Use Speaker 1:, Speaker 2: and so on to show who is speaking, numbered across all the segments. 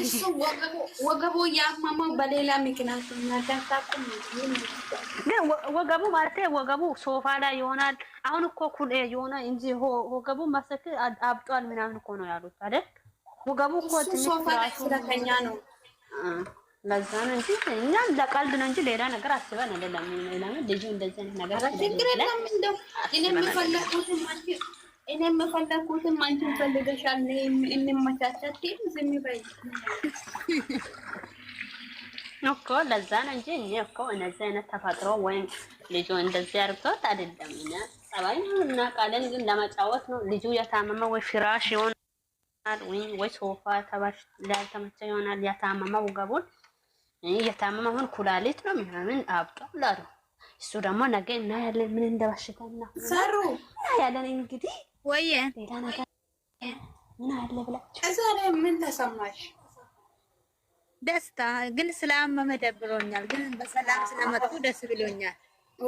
Speaker 1: እሱ ወገቡ ያመመው በሌላ ምክንያት ግን
Speaker 2: ወገቡ ማለት ወገቡ ሶፋ ላይ ይሆናል። አሁን እኮ ኩል የሆነ እንጂ ወገቡ መሰክ አብጧል ምናምን እኮ ነው ያሉት አይደል?
Speaker 1: ወገቡ እኮ ስለተኛ ነው።
Speaker 2: ለዛ ነው እንጂ እኛም ለቀልድ ነው እንጂ ሌላ ነገር አስበን አይደለም። ለምን ልጁ እንደዚህ ነገር
Speaker 1: እኔ የምፈለግኩትም አንቺን ፈልገሻል። እንመቻቸት ዝም በይ
Speaker 2: እኮ ለዛ ነው እንጂ እኔ እኮ እነዚህ አይነት ተፈጥሮ ወይም ልጁ እንደዚህ አድርጎት አይደለም። እኔ ጸባይ እና ቃለን ግን ለመጫወት ነው። ልጁ የታመመ ወይ ፍራሽ ይሆናል ወይ ሶፋ ላልተመቸ ይሆናል። የታመመ ወገቡን የታመመ አሁን ኩላሊት ነው ምናምን አብጦ ላሉ እሱ ደግሞ ነገ እናያለን ምን እንደበሽታ ሰሩ ያለን እንግዲህ ወይ ምን አለ ብላችሁ
Speaker 1: ዛሬ ምን ተሰማሽ?
Speaker 2: ደስታ ግን ስለአመመ ደብሮኛል፣ ግን በሰላም ስለመጡ ደስ ብሎኛል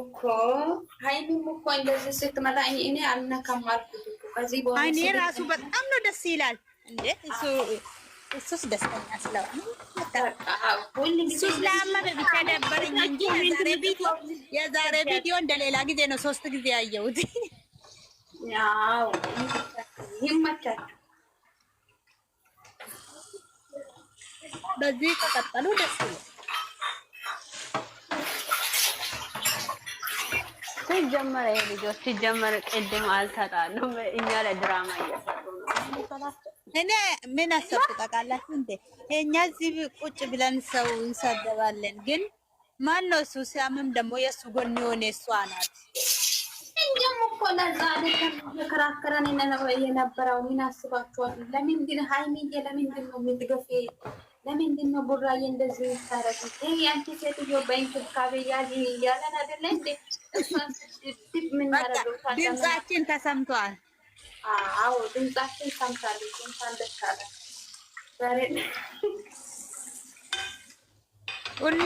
Speaker 1: እኮ ሀይሚም እኮ እንደዚህ ስትመጣ እኔ አልነካም አልኩት
Speaker 2: እኮ እኔ ራሱ በጣም ነው ደስ ይላል። እንደ እሱ እሱስ ደስተኛ ስለሆነ እሱ ስለአመመ ብቻ ደበረኝ እንጂ የዛሬ ቪዲዮ እንደሌላ ጊዜ ነው ሶስት ጊዜ ያየሁት።
Speaker 1: ያው ይመቻችሁ።
Speaker 2: በዚህ ከቀጠሉ ደስ ነው። ሲጀመር ይሄ ልጆች ሲጀመር ቅድም አልተጣሉም። እኛ ለድራማ እየሰሩ ነው። እኔ ምን አሰብኩ ታውቃላችሁ እንዴ? እኛ እዚህ ቁጭ ብለን ሰው እንሰደባለን፣ ግን ማን እሱ ሲያምም ደግሞ የእሱ ጎን የሆነ እሷ ናት።
Speaker 1: እኛም እኮ ለዛ ተከራከረን የነበረው ምን አስባችኋል? ለምንድን ሀይሚዬ ለምንድን ነው የምትገፊ? ለምንድን ነው ቡራዬ እንደዚህ ይታረቁ? ይሄ አንቺ ሴትዮ በእንክብካቤ ያዝ እያለን አይደለ እንዴ?
Speaker 2: ድምጻችን ተሰምቷል።
Speaker 1: አዎ ድምጻችን ሰምታለች። እንኳን ደስ አለን። ዛሬ
Speaker 2: ሁሉ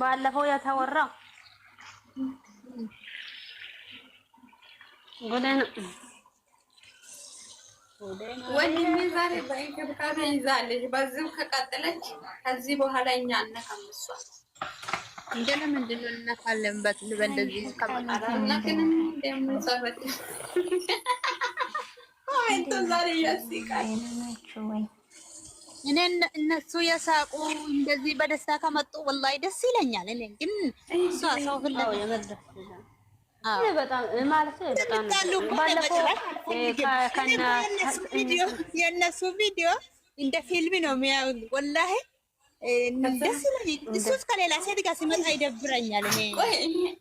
Speaker 2: ባለፈው የተወራው ነው።
Speaker 1: ወንድሜ ዛሬ በእንክብካቤ ይዛለች። በዚሁ ከቀጠለች ከዚህ በኋላ እኛ አነካም
Speaker 2: እንደ ለምንድን ነው እናካለን? በትል በእንደዚህ ከመጣራነትንም እኔ እነሱ የሳቁ እንደዚህ በደስታ ከመጡ ወላሂ ደስ ይለኛል። እኔ ግን እሷ ሰው ፍለጋ
Speaker 1: የእነሱ ቪዲዮ
Speaker 2: እንደ ፊልም ነው የሚያዩት። ወላሂ ደስ ከሌላ ሴት ጋር ሲመጣ ይደብረኛል።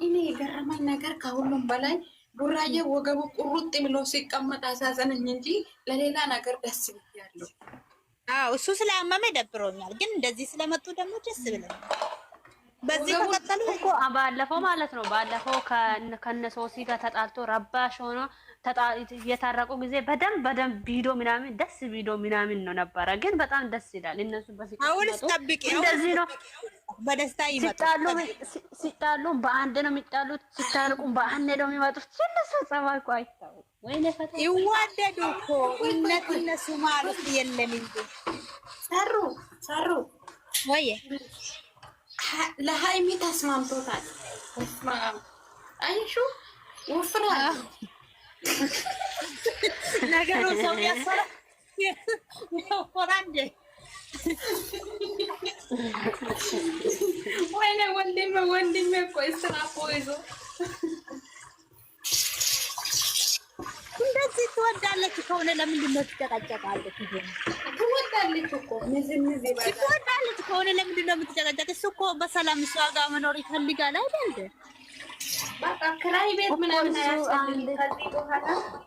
Speaker 1: እኔ የገረመኝ ነገር ከሁሉም በላይ ቡራዬ ወገቡ ቁርጥ ብሎ ሲቀመጥ አሳዘነኝ እንጂ ለሌላ ነገር ደስ ብያለሁ።
Speaker 2: እሱ ስለአመመ ደብሮኛል፣ ግን እንደዚህ ስለመጡ ደግሞ ደስ ብለኛል። በዚህ ከቀጠሉ እኮ ባለፈው ማለት ነው። ባለፈው ከነሶሲ ጋር ተጣልቶ ረባሽ ሆኖ የታረቁ ጊዜ በደንብ በደንብ ቢዶ ምናምን ደስ ቢዶ ምናምን ነው ነበረ። ግን በጣም ደስ ይላል። እነሱ በፊት እንደዚህ ነው በደስታ ይመጣሉ። ሲጣሉ በአንድ ነው የሚጣሉት፣ ሲታርቁ በአንድ ነው የሚመጡት። እነሱ ጸባይ እኮ አይታወቅም። ወይኔ ፈታ
Speaker 1: ይዋደዱ እኮ እነት እነሱ ማለት የለም እንዴ ሰሩ ሰሩ ወይ ለሀይሚ ተስማምቶታል። አይሹ ወፍራል
Speaker 2: ነገሩ ሰው ያሰራ
Speaker 1: ወይኔ ወንድሜ ወንድሜ እኮ ስራ ይዞ
Speaker 2: እንደዚህ ትወዳለች ከሆነ ለምንድን ነው ትጨቃጨቃለች? ትወዳለች ከሆነ ለምንድን ነው የምትጨቀጨቅ? እሱ እኮ በሰላም እሷ ጋር መኖር ይፈልጋል አይደል?
Speaker 1: በቃ ክራይ ቤት ምናምን አያስፈልግም።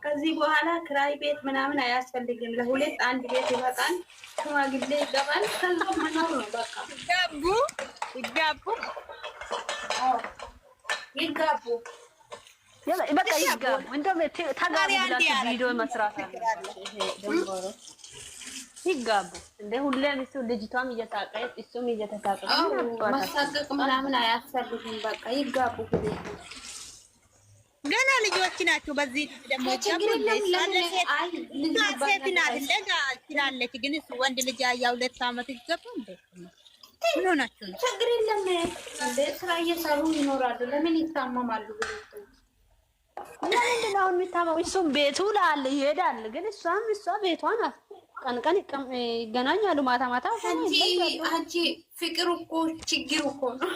Speaker 1: ከዚህ በኋላ ክራይ ቤት ምናምን አያስፈልግም። ለሁለት አንድ ቤት ይበቃል። ሽማግሌ ይገባል። ከዛ መኖር ነው በቃ።
Speaker 2: ይጋቡ ይጋቡ ይጋቡ በቃ ይጋቡ። እንደውም ተጋቡ ቪዲዮ መስራት አለ ሲጋቡ እንደ ሁሌም እሱ ልጅቷም እየታቀ እሱም እየተታቀ
Speaker 1: ማሳሰቅ ምናምን አያስፈልግም። በቃ ይጋቡ።
Speaker 2: ገና ልጆች ናቸው። በዚህ ደግሞ ሴት ናት እንደዛ ትላለች፣ ግን እሱ ወንድ ልጅ ያ ሁለት አመት ይገባ እንዴ? ምን ሆናችሁ ነው?
Speaker 1: ችግር የለም እንደ ስራ እየሰሩ ይኖራሉ። ለምን ይታመማሉ?
Speaker 2: ለምንድን ነው አሁን የሚታመሙ? እሱም ቤቱ ላል ይሄዳል፣ ግን እሷም እሷ ቤቷ ናት። ቀን ቀን ይገናኛሉ፣ ማታ ማታ
Speaker 1: አንቺ ፍቅር እኮ ችግር እኮ ነው።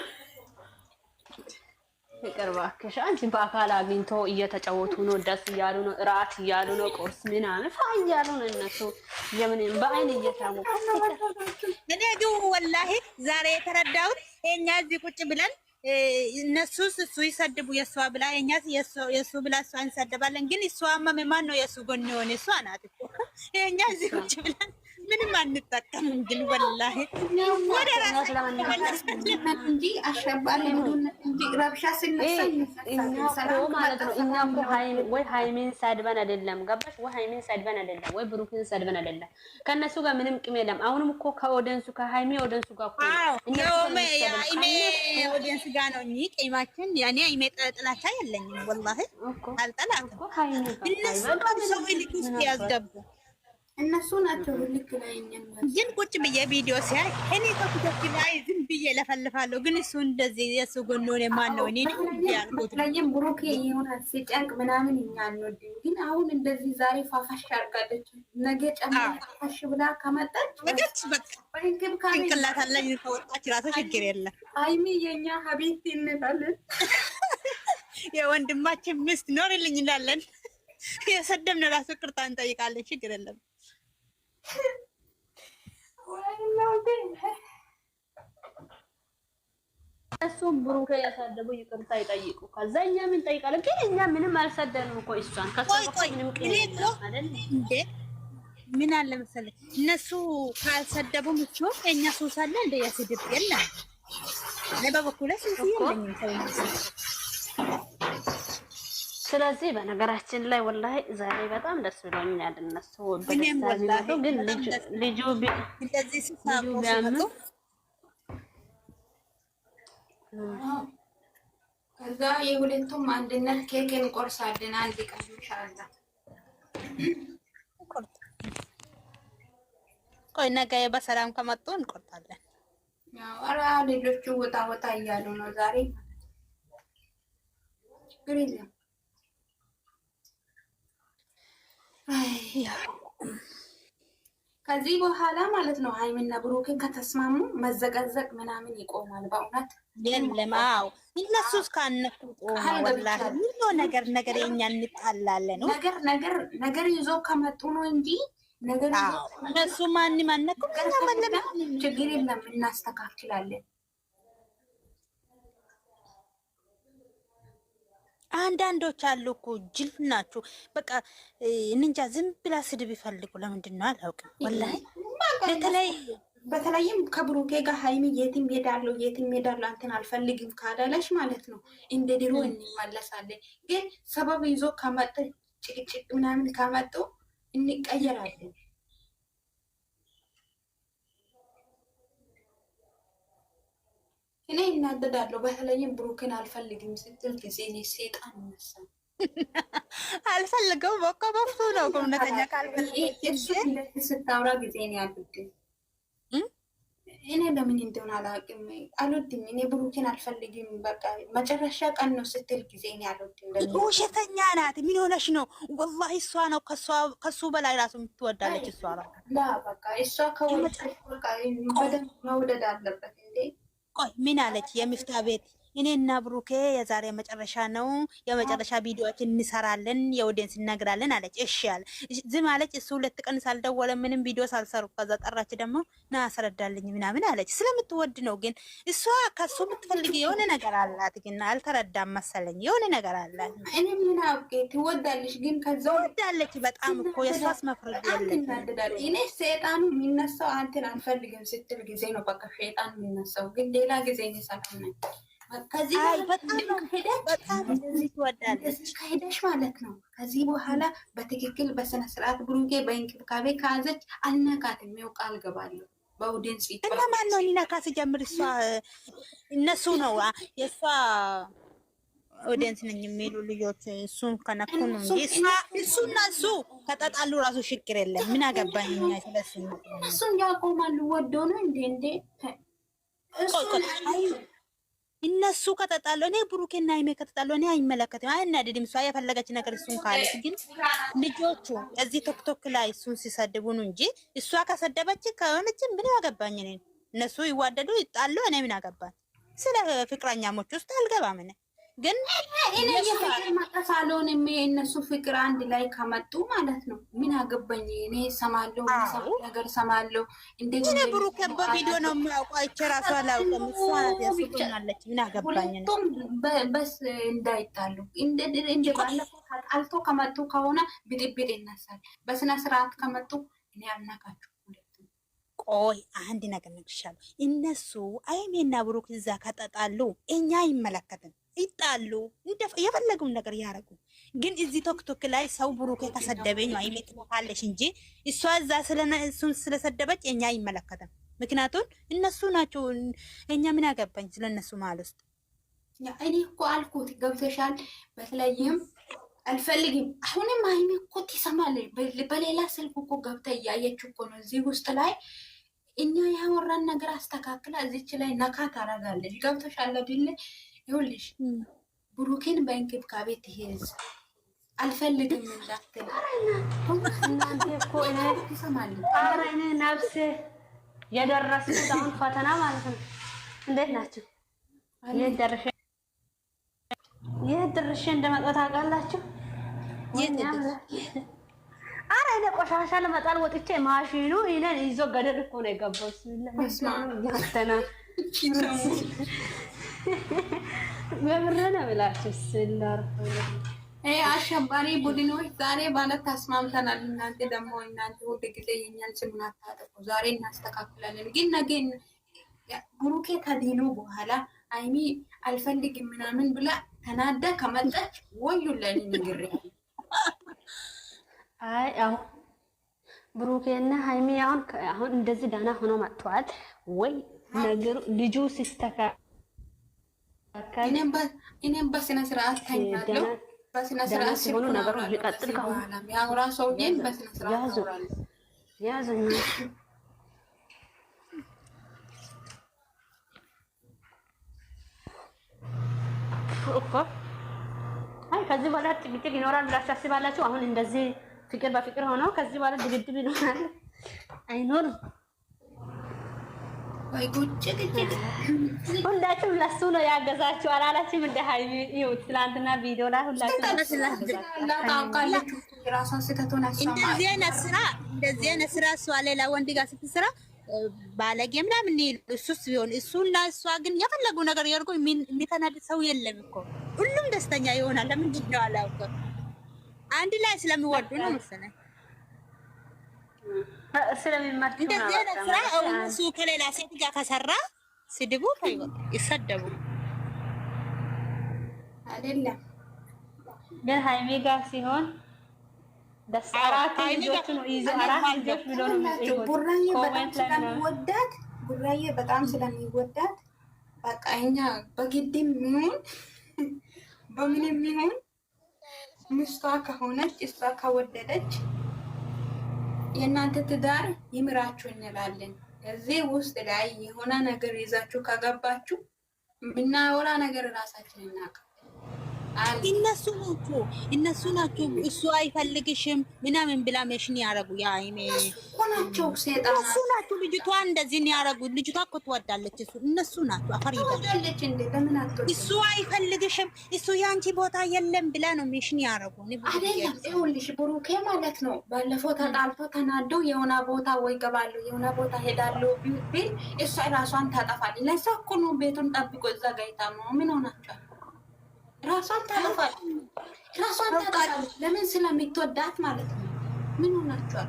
Speaker 2: ፍቅር እባክሽ አንቺ በአካል አግኝቶ እየተጫወቱ ነው፣ ደስ እያሉ ነው፣ እራት እያሉ ነው፣ ቁርስ ምናምን ፋ እያሉ ነው። እነሱ የምን በአይን እየታወቁ እኔ ግን ወላሂ ዛሬ የተረዳሁት የእኛ እዚህ ቁጭ ብለን እነሱ እሱ ይሰድቡ የእሷ ብላ የእኛ የእሱ ብላ እሷ እንሰደባለን። ግን እሷማ ማን ነው የእሱ ጎን የሆነ እሷ ናት እኮ እኛ እዚህ ቁጭ ብለን ምንም አንጠቀምም። ግን ወላሂ ወደ ወይ ሀይሜን ሰድበን አይደለም ገባሽ? ወይ ሀይሜን ሰድበን አይደለም ወይ ብሩክን ሰድበን አይደለም። ከእነሱ ጋር ምንም ቅም የለም። አሁንም እኮ ከኦደንሱ ከሀይሜ ኦደንሱ ጋር ኦደንስ ጋር ነው እ ቂማችን ያኔ ሀይሜ ጥላቻ የለኝም ወላሂ አልጠላትም። እነሱ ሰው ልክ ውስጥ ያስገቡ
Speaker 1: እነሱ ናቸው ልክ ላይ
Speaker 2: ግን ቁጭ ብዬ ቪዲዮ ሲያይ እኔ ከኩቶች ላይ ዝም ብዬ ለፈልፋለሁ። ግን እሱ እንደዚህ ነው እኔ
Speaker 1: ብሩክ ሲጨንቅ ምናምን እኛ አንወድም። ግን አሁን እንደዚህ ዛሬ ፋፋሽ አድርጋለች፣ ነገ ጨምራ ፋፋሽ ብላ ከመጣች
Speaker 2: በቃ ከወጣች ራሱ ችግር የለም።
Speaker 1: አይሚ የኛ ሀቢት እንላለን።
Speaker 2: የወንድማችን ሚስት ኖርልኝ እንላለን። የሰደብን ራሱ ቅርታ እንጠይቃለን። ችግር የለም። እሱም ብሩኬ ያሳደቡ ይቅርታ ይጠይቁ። ከዛ እኛ ምን ጠይቃለ? ግን እኛ ምንም አልሰደንም እኮ እሷን ምንም ምን አለ መሰለ እነሱ ካልሰደቡም እኮ እኛ ሱስ አለ እንደ ያስድብ የለ እኔ በበኩሌ ሱስ የለኝም ሰው ስለዚህ በነገራችን ላይ ወላሂ ዛሬ በጣም ደስ ብሎኛል። እነሱ ግን ልጁ
Speaker 1: ከዛ የሁለቱም አንድነት ኬክ እንቆርሳለን አንድ ቀን ኢንሻአላህ።
Speaker 2: ቆይ ነገ በሰላም ከመጡ እንቆርጣለን።
Speaker 1: ኧረ ልጆቹ ወጣ ወጣ እያሉ ነው ዛሬ ግን ከዚህ በኋላ ማለት ነው ሀይሚና ብሩክን ከተስማሙ መዘቀዘቅ ምናምን ይቆማል። በእውነት
Speaker 2: የለማው እነሱ እስካነኩ ቆላ ነገር ነገር የኛ እንጣላለን
Speaker 1: ነገር ነገር ነገር ይዞ ከመጡ ነው እንጂ ነገር
Speaker 2: እነሱ ማንም አነኩም
Speaker 1: ችግር የለም እናስተካክላለን።
Speaker 2: አንዳንዶች አሉ እኮ ጅል ናችሁ። በቃ እንንጃ ዝም ብላ ስድብ ይፈልጉ። ለምንድን ነው አላውቅም። ወላሂ
Speaker 1: በተለይ በተለይም ከብሩኬ ጋር ሀይሚ የትም ሄዳለሁ የትም ሄዳለሁ አንተን አልፈልግም ካላለሽ ማለት ነው እንደ ድሮ እንመለሳለን። ግን ሰበብ ይዞ ከመጡ ጭቅጭቅ ምናምን ከመጡ እንቀየራለን። እኔ እናደዳለሁ። በተለይም ብሩክን አልፈልግም ስትል ጊዜ እኔ ሴጣን ይመስል
Speaker 2: አልፈልገውም በቃ በፍቱ ነው እውነተኛ
Speaker 1: ካልፈልግ ስታውራ ጊዜ እኔ አልወድም። እኔ ለምን እንደሆነ አላውቅም፣ አልወድም። እኔ ብሩክን አልፈልግም በቃ መጨረሻ ቀን ነው ስትል ጊዜ እኔ አልወድም።
Speaker 2: ውሸተኛ ናት። ምን ሆነሽ ነው? ወላሂ እሷ ነው ከሱ በላይ ራሱ የምትወዳለች እሷ
Speaker 1: ናት። በቃ እሷ ከወደ
Speaker 2: መውደድ አለበት እንዴ ቆይ ምን አለች የሚፍታ ቤት እኔና ብሩኬ የዛሬ መጨረሻ ነው፣ የመጨረሻ ቪዲዮዎች እንሰራለን፣ የወደንስ እነግራለን አለች። እሺ አለ ዝም አለች። እሱ ሁለት ቀን ሳልደወለ ምንም ቪዲዮ ሳልሰሩ፣ ከዛ ጠራች ደግሞ ና አስረዳልኝ ምናምን አለች። ስለምትወድ ነው። ግን እሷ ከሱ የምትፈልግ የሆነ ነገር አላት፣ ግን አልተረዳም መሰለኝ። የሆነ ነገር አላት።
Speaker 1: ትወዳለች፣ ግን ከዛ
Speaker 2: ትወዳለች በጣም እኮ የእሷስ መፍረድ
Speaker 1: ያለ እኔ ሴጣኑ የሚነሳው አንተን አንፈልግም ስትል ጊዜ ነው። በቃ ሴጣን የሚነሳው ግን ሌላ ጊዜ ሰላም ነኝ ከዚህ ከሄደሽ ማለት ነው። ከዚህ በኋላ በትክክል በስነ ስርዓት ብሩኬ በእንክብካቤ ከያዘች አልነካትም። ይኸው አልገባለሁ ገባለሁ።
Speaker 2: እና ማን ነው ሊነካ ስጀምር እሷ እነሱ ነው የእሷ ኦዲንስ ነኝ የሚሉ ልጆች እሱን ከነኩ ነው እንጂ እሱና እሱ ከጠጣሉ ራሱ ሽግር የለም። ምን አገባኝ ስለሱ
Speaker 1: እሱን ያቆማሉ። ወዶ ነው እንዴ እንዴ
Speaker 2: እነሱ ከተጣሉ እኔ ብሩኬና ሃይሜ ከተጣሉ እኔ አይመለከትም፣ አይናደድም። እሷ የፈለገች ነገር እሱን ካለች ግን ልጆቹ እዚህ ቶክቶክ ላይ እሱን ሲሰድቡ ነው እንጂ እሷ ከሰደበች ከሆነች ምን ያገባኝ? እነሱ ይዋደዱ ይጣሉ፣ እኔ ምን አገባኝ? ስለ ፍቅረኛሞች ውስጥ አልገባም እኔ
Speaker 1: ግን እኔ የፍቅር መቀስ አልሆንም። የእነሱ ፍቅር አንድ ላይ ከመጡ ማለት ነው። ምን አገባኝ እኔ ሰማለሁ፣ ነገር ሰማለሁ።
Speaker 2: እንደ እኔ ብሩክ በቪዲዮ ነው የሚያውቀው። አይቼ እራሱ አላውቅም። ምን አገባኝ።
Speaker 1: በስ እንዳይጣሉ እንደ ባለፈው አልቶ ከመጡ ከሆነ ብድብድ ይነሳል። በስነ ስርዓት ከመጡ እኔ አልናቃችሁ
Speaker 2: ቆይ አንድ ነገር ነግሻለሁ። እነሱ አይሜና ብሩክ እዛ ከጠጣሉ እኛ አይመለከትም ይጣሉ የፈለጉም ነገር ያደረጉ፣ ግን እዚ ቶክቶክ ላይ ሰው ብሩኬ ከሰደበኝ ሃይሚ ትሞታለሽ እንጂ እሷ እዛ እሱን ስለሰደበች እኛ አይመለከትም። ምክንያቱም እነሱ ናቸው። እኛ ምን ያገባኝ ስለነሱ መሀል ውስጥ
Speaker 1: እኔ እኮ አልኩት ገብተሻል። በተለይም አልፈልግም። አሁንም ሃይሚ እኮ ትሰማለች። በሌላ ስልክ እኮ ገብተ እያየች እኮ ነው እዚህ ውስጥ ላይ እኛ ያወራን ነገር አስተካክላ እዚች ላይ ነካ ታረጋለች። ገብተሻል አለብኝ ይኸውልሽ ብሩኬን በእንክብካቤ ትሄዝ አልፈልግም እንዳትል
Speaker 2: እናንተ እኮ ትሰማለች ነፍሴ የደረስኩት አሁን ፈተና ማለት ነው። እንዴት ናችሁ? የት ደርሼ እንደመጣሁ ታውቃላችሁ? አረ እኔ ቆሻሻ ለመጣል ወጥቼ ማሽኑ እኔን ይዞ ገደል እኮ ነው የገባው። በብረነ ብላችሁ
Speaker 1: አሸባሪ ቡድኖች ዛሬ ማለት ታስማምተናል። እናንተ ደግሞ እናንተ ወደ ጊዜ የኛን ስም አታጥፉ። ዛሬ እናስተካክላለን፣ ግን ነገ ብሩኬ ከዲኑ በኋላ አይሚ አልፈልግ ምናምን ብላ ተናዳ ከመጣች ወዩለን ንግር
Speaker 2: አይ አሁን ብሩኬና ሃይሚ አሁን አሁን እንደዚህ ዳና ሆኖ መጥቷል ወይ ነገሩ ልጁ ሲስተካ
Speaker 1: እኔም በስነ ስርዓት ተኛለሁ። በስነ ስርዓት ሲሆኑ
Speaker 2: ነገሮች ሊቀጥል ከሆነ
Speaker 1: ያውራ ሰውዬን በስነ
Speaker 2: ስርዓት ያዘኝ። እኮ አይ ከዚህ በኋላ ጭቅጭቅ ይኖራል ብላችሁ አስባላችሁ? አሁን እንደዚህ ፍቅር በፍቅር ሆነው ከዚህ በኋላ ድብድብ ይኖራል አይኖርም? ሁላችሁም ለሱ ነው ያገዛችሁ አላላችሁም? እንደ ሀይሚ ይኸው ትናንትና ቪዲዮ ላይ
Speaker 1: ሁላችሁም አይነት ስራ
Speaker 2: እንደዚህ አይነት ስራ እሷ ሌላ ወንድ ጋር ስትሰራ ባለጌ ምናምን እሱስ ቢሆን እሱና እሷ ግን የፈለጉ ነገር ያድርጎ የሚተናድ ሰው የለም እኮ ሁሉም ደስተኛ ይሆናል። ለምንድን ነው አላውቅም። አንድ ላይ ስለሚወዱ ነው መሰለኝ እንደዚህ አይነት ስራ እሱ ከሌላ ሴት ጋር ከሰራ ስድቡ ይሰደቡ አይደለም። በሃይሜ ጋር ሲሆን ደስ በጣም ስለሚወዳት ቡራዬ በጣም ስለሚወዳት በቃ እኛ በግድም ይሁን በምንም ይሁን ምስቷ ከሆነች እሷ ከወደደች የእናንተ ትዳር ይምራችሁ እንላለን። እዚህ ውስጥ ላይ የሆነ ነገር ይዛችሁ ከገባችሁ የምናወራ ነገር ራሳችን እናቀው እነሱ ናቸው እነሱ ናቸው። እሱ አይፈልግሽም ምናምን ብላ መሽን ያረጉ ናቸው። እነሱ ናቸው። ልጅቷ እንደዚህ ያረጉ ልጅቷ እኮ ትወዳለች። እሱ እነሱ ናቸው። አፈር እሱ አይፈልግሽም እሱ የአንቺ ቦታ የለም ብላ ነው መሽን ያረጉ።
Speaker 1: ይኸውልሽ ብሩኬ ማለት ነው ባለፈው ተጣልቶ ተናዶ የሆነ ቦታ ወይ ገባሉ የሆነ ቦታ ሄዳሉ ቢል እሷ ራሷን ታጠፋል። ለሰኩኑ ቤቱን ጠብቆ እዛ ጋይታ ነው ምን ሆናቸዋል ራሷን ታጠፋለች። ራሷን ታጠፋለች። ለምን ስለሚትወዳት ማለት ነው። ምን ሆናችኋል?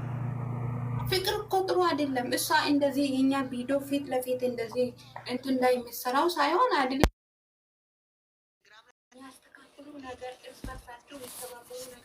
Speaker 1: ፍቅር እኮ ጥሩ አይደለም። እሷ እንደዚህ የኛ ቪዲዮ ፊት ለፊት እንደዚህ እንትን ላይ የሚሰራው ሳይሆን አይደለም ያስተካክሉ ነገር እርስ በርሳቸው ይተባበሩ ነገር